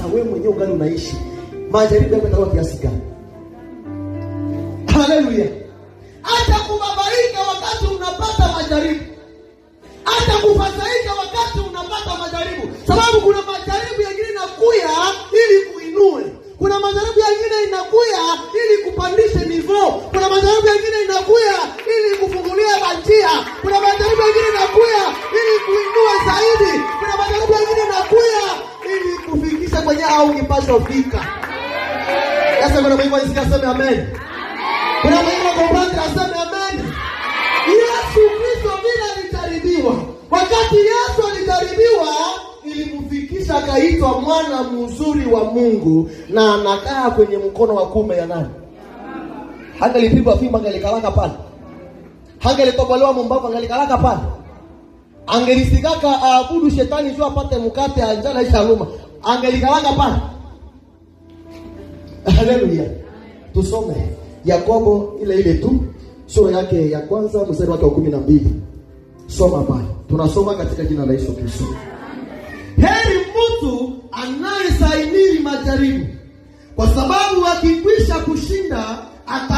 kabisa wewe mwenyewe gani unaishi, majaribu yako yatakuwa kiasi gani? Haleluya! hata kubabaika wakati unapata majaribu, hata kufadhaika wakati unapata majaribu, sababu kuna majaribu yengine inakuya ili kuinue, kuna majaribu yengine inakuya ili kupandisha mivo kuna majaribu Kenya au kipasho fika. Sasa kuna Mungu asikia aseme amen. Kuna Mungu kwa upande aseme amen. Yesu Kristo bila nitaribiwa. Wakati Yesu alitaribiwa ilimfikisha akaitwa mwana mzuri wa Mungu na anakaa kwenye mkono wa kume ya nani? Angelipigwa fimbo angelikalaka pale. Angelipogolewa mumbavu angelikalaka pale. Angelisigaka aabudu shetani juu apate mkate anjala ishaluma angelikalanga pale. Haleluya, tusome Yakobo ile ile tu sura yake ya kwanza mstari wake wa kumi na mbili. Soma pale, tunasoma katika jina la Yesu Kristo. Heri mtu anayesaimili majaribu, kwa sababu akikwisha kushinda ata